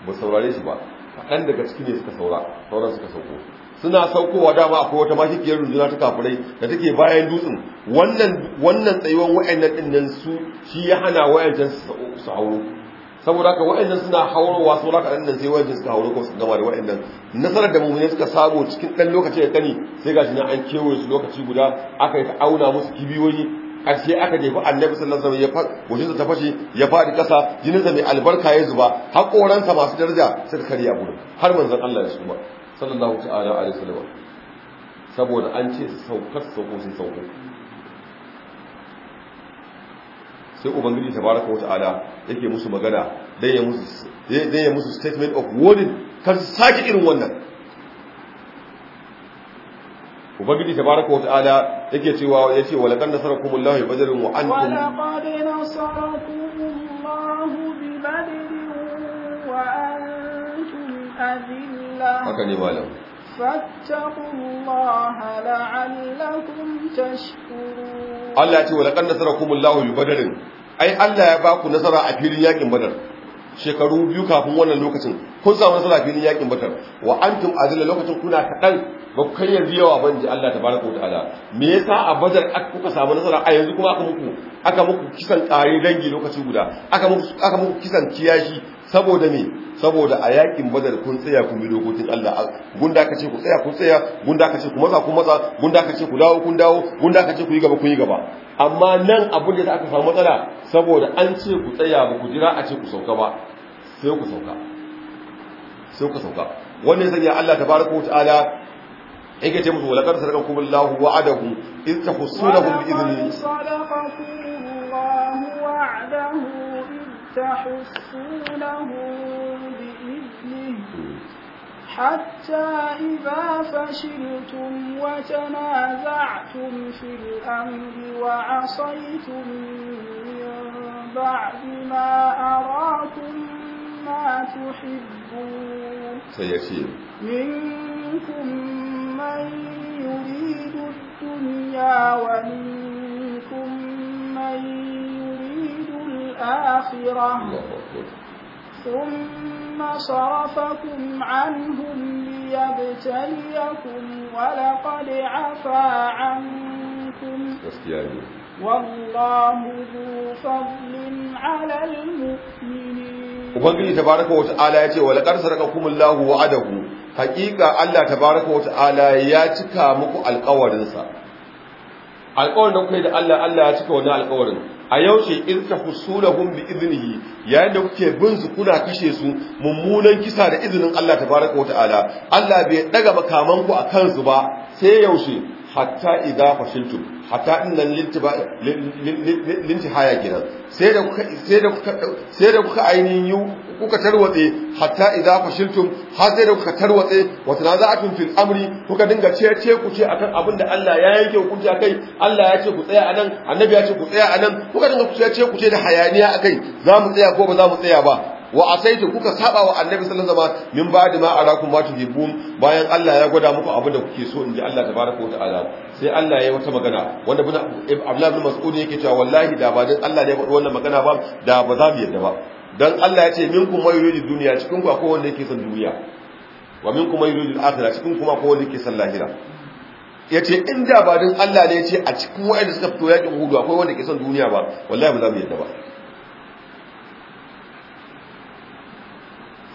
Speaker 2: ba saurare shi ba kaɗan daga ciki ne suka saura sauran suka sauko suna saukowa dama akwai wata mashikiyar rundunar ta kafirai da take bayan dutsen wannan wannan tsayuwan wa'annan ɗin su shi ya hana wa'ancan su hauro saboda haka wa'annan suna haurowa saboda ɗan nan sai wajen suka hauro ko su gama da wa'annan nasarar da mummune suka samu cikin ɗan lokaci da kani sai ga shi nan an kewaye su lokaci guda aka yi ta auna musu kibiyoyi Ashe aka jefa annabi sallallahu alaihi wasallam ya wajen ta fashe ya fadi kasa jininsa mai albarka ya zuba haƙoransa masu daraja suka karya gudu har manzon Allah ya suma sallallahu ta'ala alaihi wasallam saboda an ce su saukar sauko sai sauko sai ubangiji tabaraka wa ta'ala yake musu magana dan ya musu dan ya musu statement of warning kar su saki irin wannan ubangiji tabaraka wa ta'ala yake cewa yace wa laqad nasarakumullahu bi badrin wa antum wa
Speaker 1: laqad nasarakumullahu bi badrin wa antum adilla haka ne malam فاتقوا الله لعلكم تشكرون
Speaker 2: الله يقول ولقد نصركم الله ببدر ai Allah ya ba ku nasara a filin shekaru biyu kafin wannan lokacin kun samu nasara a filin yakin batar? wa antum azilla lokacin kuna kadan ba ku kai yanzu yawa banji Allah tabaraka ta'ala me yasa a badar aka kuka samu nasara a yanzu kuma aka muku aka muku kisan kare dangi lokaci guda aka muku aka muku kisan kiyashi saboda me saboda a yakin badar kun tsaya kun bi dokokin Allah gunda ka ce ku tsaya kun tsaya gunda ka ce ku maza kun maza gunda ka ce ku dawo kun dawo gunda ka ce ku yi gaba kun yi gaba amma nan abun da aka samu matsala saboda an ce ku tsaya ba ku jira a ce ku sauka ba sai ku sauka sai ku sauka wannan sanya Allah tabaraka wa ta'ala yake ce musu walaqad sadaqakum Allahu wa'adahu iz tahsunahu bi
Speaker 1: idhnihi تحصونه بإذنه حتى إذا فشلتم وتنازعتم في الأمر وعصيتم من بعد ما أراكم ما تحبون سيسير منكم من يريد الدنيا ومنكم من الآخرة ثم صرفكم عنهم ليبتليكم ولقد عفى عنكم والله ذو فضل على المؤمنين
Speaker 2: ubangiji tabaraka wa ta'ala yace wa laqad sarakakumullahu wa'adahu haƙiƙa Allah tabaraka wa ta'ala ya cika muku alƙawarin sa alƙawarin da yi da Allah ya cika wani alƙawarin a yaushe in ka hun bi izinihi, yayin da kuke bin su kuna kashe su mummunan kisa da izinin Allah tabaraka wataala Allah bai ɗaga makaman ku kansu kansu ba sai yaushe hatta idza fashiltum hatta in lan lintihaya kenan sai da kuka sai da kuka sai da kuka ainihin kuka tarwatse hatta idza fashiltum har sai da kuka tarwatse wa tanaza'atum fil amri kuka dinga ce-ce ku ce akan abin da Allah ya yanke hukunci akai Allah ya ce ku tsaya anan annabi ya ce ku tsaya anan kuka dinga ce-ce ku ce da hayaniya akai za mu tsaya ko ba za mu tsaya ba wa asaitu kuka saba wa annabi sallallahu alaihi wasallam min ba'di ma arakum ma tuhibbun bayan Allah ya gwada muku abin da kuke so inji Allah tabaraka wa ta'ala sai Allah ya yi wata magana wanda bin Abdullah bin Mas'ud yake cewa wallahi da ba dan Allah ne ya faɗi wannan magana ba da ba za mu yarda ba dan Allah ya ce minkum may yuridu dunya cikin ku akwai wanda yake son duniya wa minkum may yuridu al-akhirah cikin kuma akwai wanda yake son lahira yace da ba dan Allah ne ya ce a cikin wa'anda suka fito yakin hudu akwai wanda yake son duniya ba wallahi ba za mu yarda ba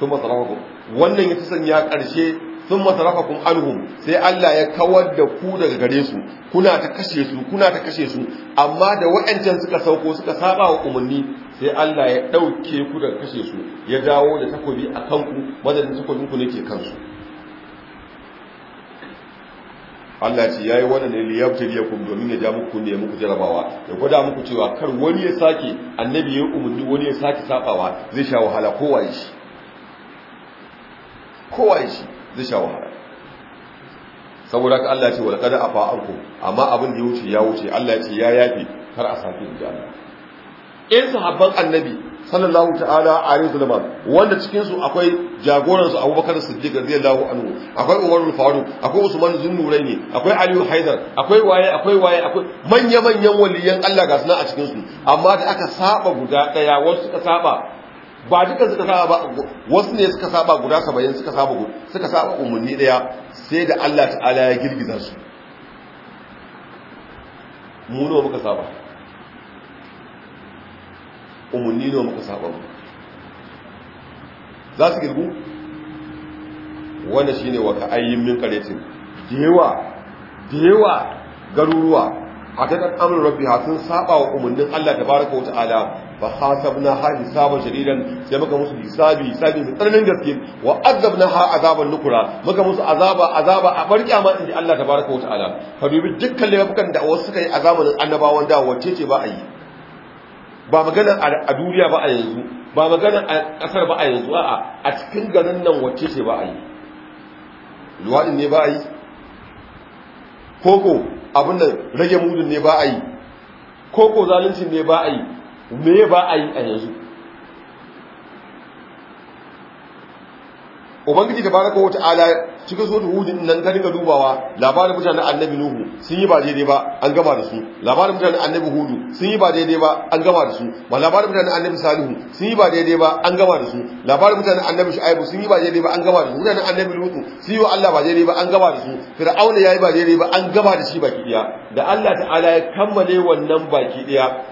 Speaker 2: sun masarafakum wannan ya sanya ƙarshe sun masarafakum anhum sai Allah ya kawar da ku daga gare su kuna ta kashe su kuna ta kashe su amma da wa'ancan suka sauko suka saba wa umarni sai Allah ya ɗauke ku daga kashe su ya dawo da takobi a kanku madadin takobin ku ne ke kansu Allah ce yayi wannan ne li yabtaliyakum domin ya ja muku ya muku jarabawa ya gwada muku cewa kar wani ya sake annabi ya umarni wani ya sake sabawa zai sha wahala kowa shi kowa ya shi zai sha wahala saboda ka Allah ya ce walqad afa ankum amma abin da ya wuce ya wuce Allah ya ce ya yafi kar a sake da Allah in sahabban annabi sallallahu ta'ala alaihi wasallam wanda cikinsu su akwai jagoran su Abubakar Siddiq radiyallahu anhu akwai Umar al akwai Usman az ne, akwai Ali Haidar akwai waye akwai waye akwai manya manyan waliyan Allah ga suna a cikinsu. amma da aka saba guda daya wasu suka saba ba duka suka saba ba wasu ne suka saba guda saba'in suka saba suka saba umarni daya sai da Allah ta'ala ya girgiza su mu nawa muka saba umarni nawa muka saba mu za su girgu wanda shine wa ka ayyin min karetin yawa dewa garuruwa a ta kan amin rabbi ha sun saba wa umarnin Allah tabaraka wa ta'ala fa hasabna ha hisaban shadidan sai muka musu hisabi hisabi tsananin gaske wa na ha azaban nukura muka musu azaba azaba a barkiya ma inji Allah tabaraka wataala fa dukkan laifukan da wasu suka yi a zamanin annabawan da wacce ce ba a ba magana a duniya ba a yanzu ba magana a kasar ba a yanzu a cikin ganin nan wacce ce ba a yi ne ba a koko abin da rage mudun ne ba a koko zalincin ne ba a me ba a yi a yanzu ubangiji tabaraka wa ta'ala cikin sura hud nan ta dinga dubawa labarin mutanen annabi nuhu sun yi ba daidai ba an gama da su labarin mutanen annabi hudu sun yi ba daidai ba an gama da su ba labarin mutanen annabi salihu sun yi ba daidai ba an gama da su labarin mutanen annabi shu'aibu sun yi ba daidai ba an gama da su mutanen annabi lutu sun yi wa Allah ba daidai ba an gama da su fir'auna yi ba daidai ba an gama da shi baki daya da Allah ta'ala ya kammale wannan baki daya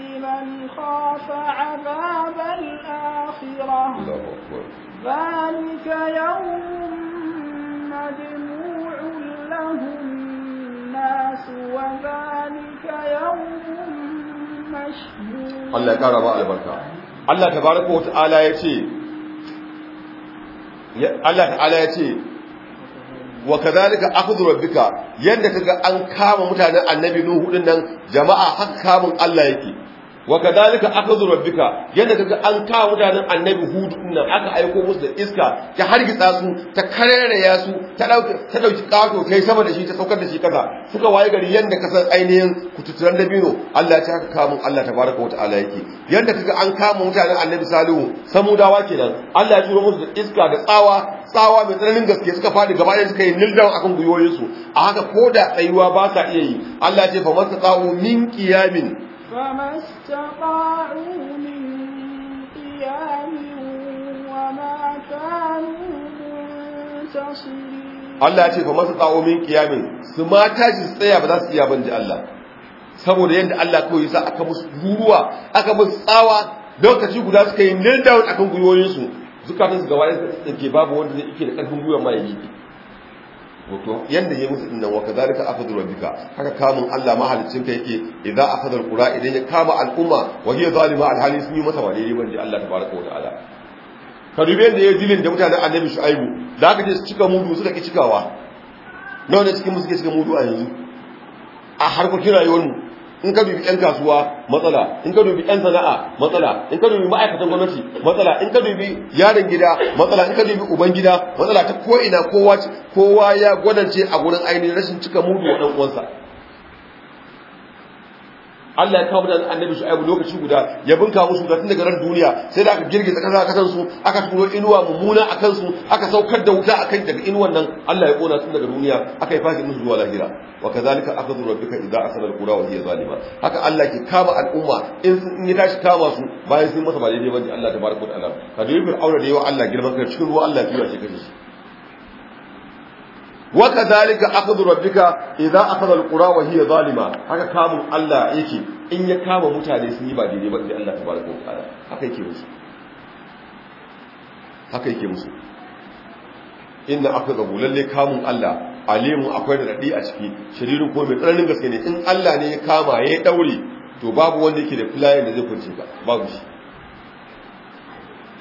Speaker 1: لمن خاف عذاب الآخرة ذلك يوم مجموع له الناس وذلك يوم مشهور
Speaker 2: الله يكرم البركة الله تبارك وتعالى يتي الله تعالى يتي wa kadhalika akhdhu rabbika yanda kaga an kama mutanen annabi nuhu din nan jama'a haka Allah yake wa kadalika akhdhu rabbika yadda kaga an ka mutanen annabi hudu nan aka aiko musu da iska ta hargitsa su ta karere ya su ta ɗauki ta dauki kato kai sama da shi ta saukar da shi kaza suka waye gari yadda ka san ainihin kututuran dabino Allah ya taka kamun Allah tabaraka wataala yake yadda kaga an kama mutanen annabi salihu samudawa kenan Allah ya turo musu da iska da tsawa tsawa mai tsananin gaske suka fadi gaba ɗaya suka yi nildan akan guyoyinsu a haka ko da tsayuwa ba sa iya yi Allah ya ce fa masta tsawo min qiyamin
Speaker 1: فما استطاعوا من قيام وما كانوا منتصرين
Speaker 2: Allah ya ce fa masu tsawo min kiyamin su mata su tsaya ba za su iya banji Allah saboda yadda Allah kawai sa aka musu ruruwa aka musu tsawa lokaci guda suka yi nail down akan gwiwoyinsu zukatan su gaba da ke babu wanda zai ike da karfin gwiwa mai yi wato yanda ya musu dinnan wa kadhalika akhadhu rabbika haka kamun Allah halicin ka yake idza akhadha alqura idan ya kama al'umma wa hiya zalima alhali sun yi masa wadai ban ji Allah tabaraka wa ta'ala ka dubi yadda ya dilin da mutanen annabi shu'aibu zaka je su cika mudu su da ki cikawa nawa ne cikin musu ke cika mudu a yanzu a harkokin rayuwar mu in ka dubi 'yan kasuwa matsala in ka dubi 'yan sana'a matsala in ka dubi ma'aikatan gwamnati matsala in ka dubi yaron gida matsala in ka dubi uban gida matsala ta ko, ina kowa ya gwadance a gurin ainihin rashin cika mudu wa ɗan uwansa Allah ya kawo da annabi Shu'aibu lokaci guda ya bunka musu da tun daga ran duniya sai da aka girgiza kasa kasan su aka turo inuwa mummuna akan su aka saukar da wuta akan daga inuwan nan Allah ya kona tun daga duniya aka yi fashi musu zuwa lahira wa kazalika akhadhu rabbika idza asala alqura wa hiya zalima haka Allah ke kama al'umma in sun yi tashi kama su bayan sun masa ba daidai ba Allah tabaraka wa ta'ala ka dubi aure da yawa Allah girman kai cikin ruwa Allah ya tura shi shi wa kadhalika akhdhu rabbika idza akhadha alqura wa hiya zalima haka kamun Allah yake in ya kama mutane sun yi ba daidai ba idan Allah tabaraka wa ta'ala haka yake musu haka yake musu inna akhdahu lalle kamun Allah alimu akwai da dadi a ciki shiririn ko mai tsananin gaske ne in Allah ne ya kama ya daure to babu wanda yake da filayen da zai kunce ba babu shi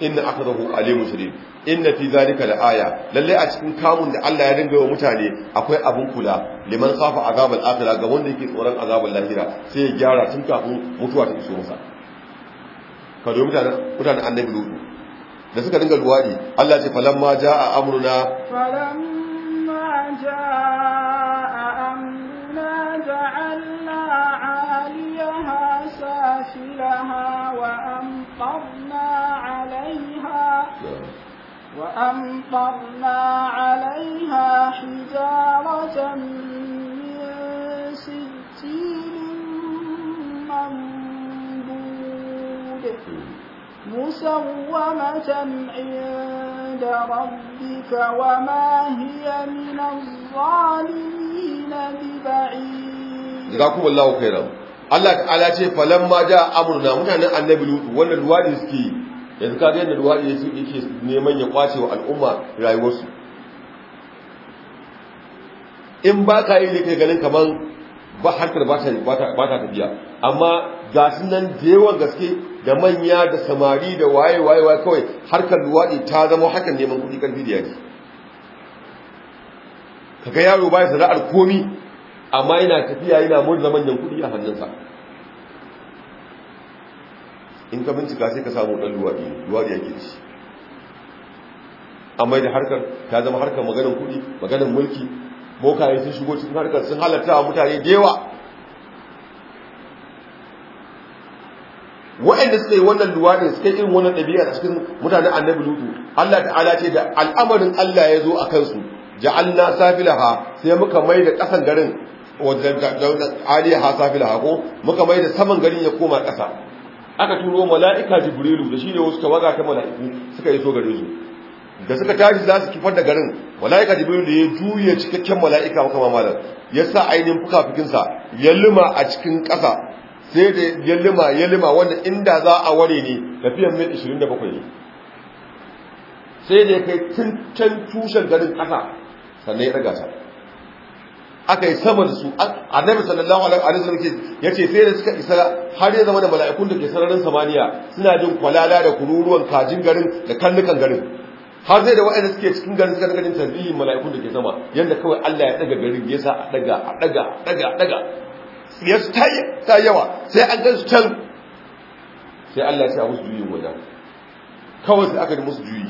Speaker 2: inna akhdahu alimu shiririn. inna fi zalika laaya lalle a cikin kamun da Allah ya dinga wa mutane akwai abun kula liman khafa azabul akhirah ga wanda yake tsoron azabul lahira sai ya gyara tun kafin mutuwa ta iso masa ka do mutane mutane annabi lutu da suka dinga luwadi Allah ya ce falamma jaa amruna
Speaker 1: falamma jaa amruna وأمطرنا عليها حجارة من سجيل منبود مسومة عند ربك وما هي من الظالمين ببعيد
Speaker 2: جزاكم الله خيرا Allah ta'ala ce falamma ja amruna mutanen annabi lutu wannan ruwa da suke yanzu ka yadda luwaɗi yake neman ya kwace wa al'umma rayuwarsu in ba ka yi da kai ganin kamar ba harkar ba ta tafiya amma ga su nan da gaske da manya da samari da waye waye waye kawai harkar luwaɗi ta zama hakan neman kuɗi ƙarfi da yaji kaga yaro ba ya sana'ar komi amma yana tafiya yana murza manyan kuɗi a hannunsa in ka bincika sai ka samu dan luwadi luwadi yake shi amma da harkar ta zama harkar maganar kuɗi maganar mulki Mokaye sun shigo cikin harkar sun halatta wa mutane da yawa wa'anda suka yi wannan luwadi suka yi irin wannan ɗabi'a a cikin mutanen annabi lutu allah ta'ala ce da al'amarin allah ya zo a kansu ja'alna safilaha sai muka mai da ƙasan garin wajen aliyaha safilaha ko muka mai da saman garin ya koma ƙasa aka turo mala'ika jibrilu da shi ne wasu tawaga ta mala'iku suka iso gare su da suka tashi za su kifar da garin mala'ika jibrilu da ya juya cikakken mala'ika maka mamalar ya sa ainihin fukafikinsa ya lima a cikin ƙasa sai da ya lima ya lima wanda inda za a ware ne tafiyan mil 27 ne sai da ya kai tun tushen garin ƙasa sannan ya ɗaga sa aka yi sama da su annabi sallallahu alaihi wasallam yace sai da suka isa har ya zama da mala'ikun da ke sararin samaniya suna jin kwalala da kururuwan kajin garin da kallukan garin har zai da wa'anda suke cikin garin suka daga jin tarbiyyar mala'ikun da ke sama yanda kawai Allah ya daga garin ya sa a daga a daga a daga a daga ya su ta yawa sai an gan su can sai Allah ya sa musu juyi wajen kawai sai aka yi musu juyi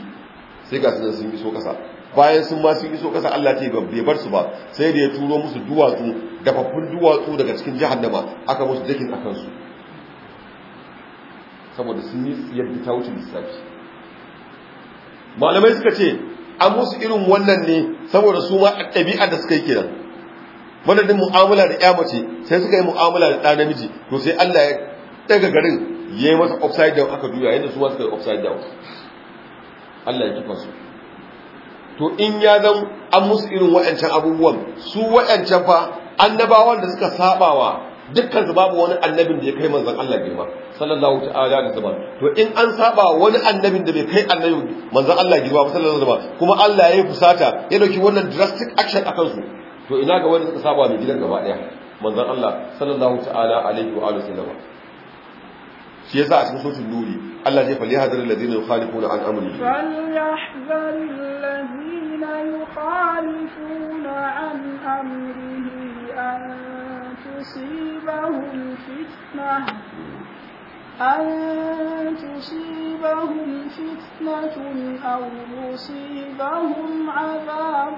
Speaker 2: sai ga su sun iso kasa bayan sun ma sun iso kasa Allah ta bai bar su ba sai da ya turo musu duwatsu dafaffun duwatsu daga cikin jahannama aka musu jakin a kansu saboda sun yi yadda ta wuce lissafi malamai suka ce an musu irin wannan ne saboda su ma a ɗabi'a da suka yi kenan madadin mu'amala da ya mace sai suka yi mu'amala da ɗa namiji to sai Allah ya daga garin ya yi masa upside down aka juya yadda su ma suka yi upside down Allah ya kifa su to in ya zan an musu irin waɗancan abubuwan su waɗancan fa annabawan da suka sabawa dukkan su babu wani annabin da ya kai manzon Allah girma sallallahu ta'ala da wasallam to in an saba wani annabin da bai kai annabi manzon Allah girma ba sallallahu alaihi kuma Allah ya yi fusata ya dauki wannan drastic action akan su to ina ga wani suka saba mai gidan gaba daya manzon Allah sallallahu ta'ala alaihi wa alihi wasallam shi yasa a cikin suratul nuri Allah ya fali hadarul ladina yukhalifuna an amri fal
Speaker 1: yahzarul يخالفون عن أمره أن تصيبهم فتنة أن تصيبهم فتنة أو يصيبهم عذاب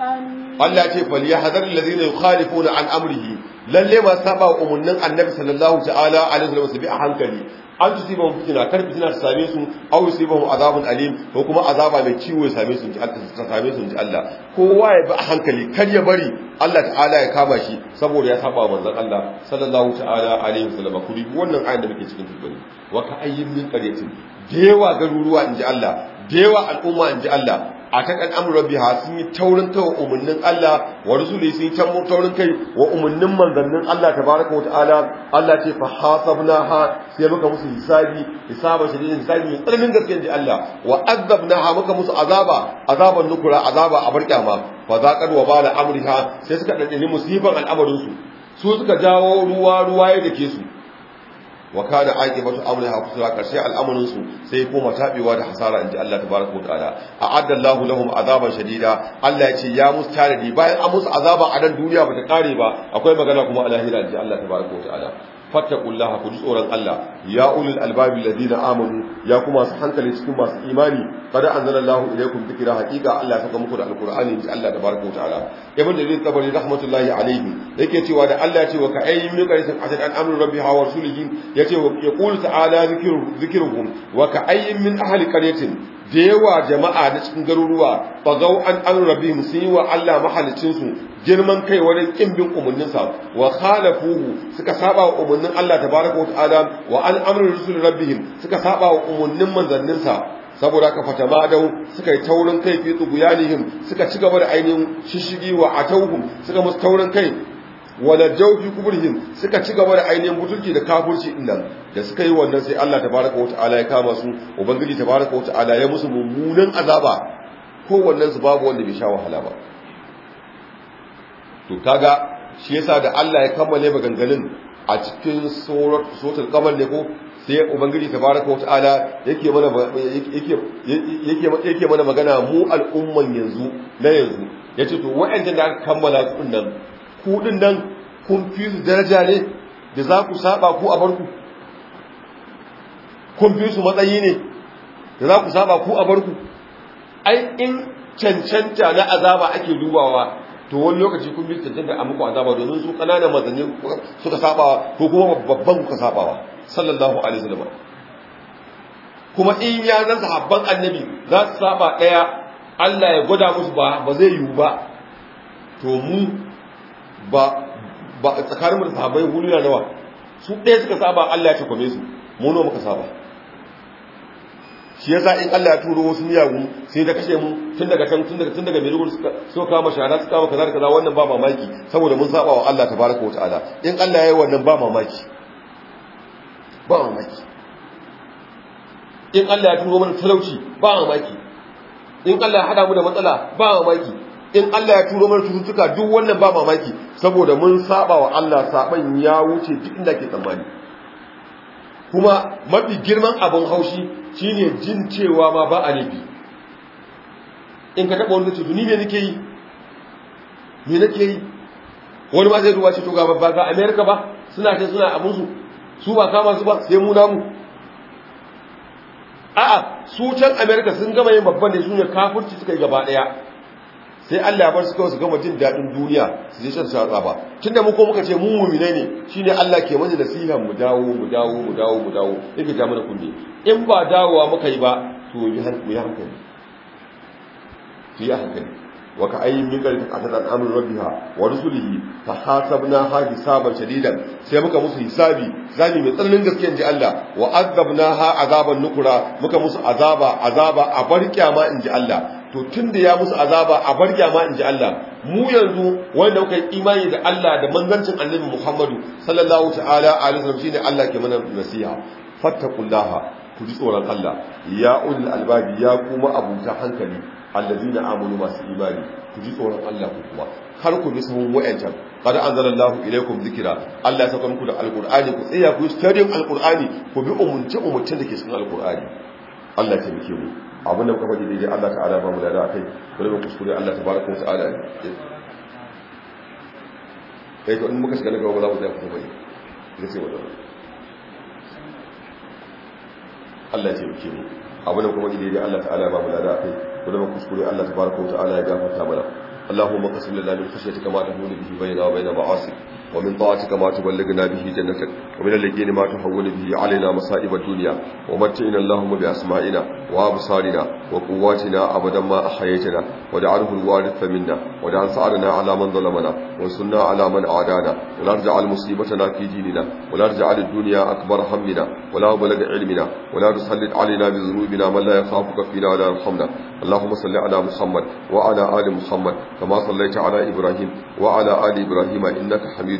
Speaker 1: أليم
Speaker 2: الله يقول فليحذر الذين يخالفون عن أمره lalle ba saba umarnin annabi sallallahu ta'ala alaihi wasallam su bi a hankali an tusibahum fitina kar fitina ta same su aw yusibahum azabun alim ko kuma azaba mai ciwo ya same su ji Allah ta same su ji Allah kowa ya bi a hankali kar ya bari Allah ta'ala ya kama shi saboda ya saba manzon Allah sallallahu ta'ala alaihi wasallam kuri wannan ayin da muke cikin tukuri wa ka ayyin min qaryatin dewa garuruwa inji Allah dewa al'umma in ji Allah a kan amurar biya sun yi taurin kai umarnin Allah wa rusuli sun yi taurin kai wa umarnin manzannin Allah ta baraka wa ta'ala Allah ce fa hasabna ha sai muka musu hisabi hisaban shi hisabi mai tsananin gaske da Allah wa na ha muka musu azaba azaban nukura azaba a ma. fa zaqad wa bala Amurka sai suka dandani musiban al'amarin su suka jawo ruwa ruwa ya dake su wa kana aqibatu amriha kusura karshe al'amarin su sai koma tabewa da hasara inji Allah tabaraka wa ta'ala a'adda Allahu lahum azaban shadida Allah ya ce ya musu tare bayan an musu azaba a dan duniya bata kare ba akwai magana kuma a lahira inji Allah tabaraka ta'ala fattaqullaha ku ji tsoron Allah ya ulul albabi ladina amanu ya kuma su hankali cikin masu imani "lahu anzalallahu ilaykum dhikra haqiqa Allah ya saka muku da alqur'ani ji Allah tabaraka wa ta'ala ibn dalil kabari rahmatullahi alayhi yake cewa da Allah ce wa ka ayyin min qarisin ajad an amru rabbiha wa rasulihi yace wa yaqulu ta'ala zikruhum wa ka ayyin min ahli qaryatin da yawa jama'a na cikin garuruwa bagau an an sun yi wa Allah mahalicinsu girman kai wurin kin bin umarninsa wa khalafuhu suka saba wa umarnin Allah tabaraka wa ta'ala wa an amri rusul rabbihim suka saba wa umarnin manzanninsa saboda ka fata madau suka yi taurin kai fi tsuguyanihim suka ci gaba da ainihin shishigi wa atauhum suka musu taurin kai wala jawfi kubrihim suka ci gaba da ainihin butulci da kafirci dinnan nan da suka yi wannan sai Allah tabaraka wataala ya kama su ubangiji tabaraka wataala ya musu mummunan azaba wannan su babu wanda bai sha wahala ba to kaga shi yasa da Allah ya kammale maganganun a cikin suratul qamar ne ko sai ubangiji tabaraka wataala yake mana yake yake yake mana magana mu al'umman yanzu na yanzu yace to wa'anda da aka kammala su dinnan ku nan kun fi su daraja ne da za ku saba ku a barku kun fi su matsayi ne da za ku saba ku a barku ai in cancanta na azaba ake dubawa to wani lokaci kun bi cancanta a muku azaba domin su kananan mazanin suka saba ko kuma babban kuka sabawa sallallahu alaihi wasallam kuma in ya zan sahabban annabi za su saba daya Allah ya gwada musu ba ba zai yiwu ba to mu ba ba tsakanin mu da sahabbai huluna nawa su ɗaya suka saba Allah ya takwame su mu nawa muka saba shi yasa in Allah ya turo wasu miyagu sai da kashe mu tun daga can tun daga tun daga Maiduguri suka so kama shara suka kama kaza kaza wannan ba mamaki saboda mun saba wa Allah tabaraka wa ta'ala in Allah ya yi wannan ba mamaki ba mamaki in Allah ya turo mana talauci ba mamaki in Allah ya hada mu da matsala ba mamaki in Allah ya turo mana cututtuka duk wannan ba mamaki saboda mun saba wa Allah saban ya wuce duk inda ke tsammani kuma mafi girman abin haushi shine jin cewa ma ba a laifi in ka taba wani cutu ni ne nake yi ni nake yi wani ma zai zuwa ce to ga babba ga America ba suna ce suna abin su su ba kama su ba sai mu namu a'a su can America sun gama yin babban da su ne kafurci suka yi gaba daya sai Allah ya bar su kawai su gama jin daɗin duniya su je shan tsatsa ba tunda da ko muka ce mu mu'mine ne shine Allah ke mana nasiha mu dawo mu dawo mu dawo mu dawo yake ja mana kunne in ba dawowa muka yi ba to mu yi hankali su yi hankali wa ka ayyin min qalbi atat an amru rabbiha wa rusulihi fa hasabna ha hisaban shadidan sai muka musu hisabi zami mai tsananin in inji Allah wa azabna ha azaban nukura muka musu azaba azaba a bar kyama ji Allah to tun da ya musu azaba a bar kyama in ji Allah mu yanzu wanda kuka yi imani da Allah da manzancin annabi Muhammadu sallallahu ta'ala alaihi wasallam shine Allah ke mana nasiha fattaqullaha ku ji tsoron Allah ya ulul albabi ya kuma abuta hankali allazina amanu masu imani ku ji tsoron Allah ku kuma har ku bi sahun wa'ancan qad anzalallahu ilaykum dhikra Allah ya saka muku da alqur'ani ku tsaya ku yi studying alqur'ani ku bi umunci umuncin da ke cikin alqur'ani Allah ya taimake mu abin da kuka faɗi daidai Allah ta'ala ba mu lada akai wani mai kuskure Allah tabaraka wa ta'ala kai eh, to in muka shiga ba za bai ga ce Allah ya taimake mu abin da kuka faɗi Allah ta'ala ba mu kuskure Allah ta'ala ya gafarta mana اللهم من خشيتك ما تهون به بيننا وبين معاصيك ومن طاعتك ما تبلغنا به جنتك ومن اللجين ما تحول به علينا مصائب الدنيا ومتعنا اللهم بأسمائنا وأبصارنا وقواتنا أبدا ما أحييتنا واجعله الوارث منا واجعل سعرنا على من ظلمنا وانصرنا على من عادانا ولا ارجع مصيبتنا في ديننا ولا ارجع للدنيا أكبر همنا ولا بلغ علمنا ولا تسلط علينا بذنوبنا من لا يخافك فينا ولا يرحمنا اللهم صل على محمد وعلى آل محمد كما صليت على إبراهيم وعلى آل إبراهيم إنك حميد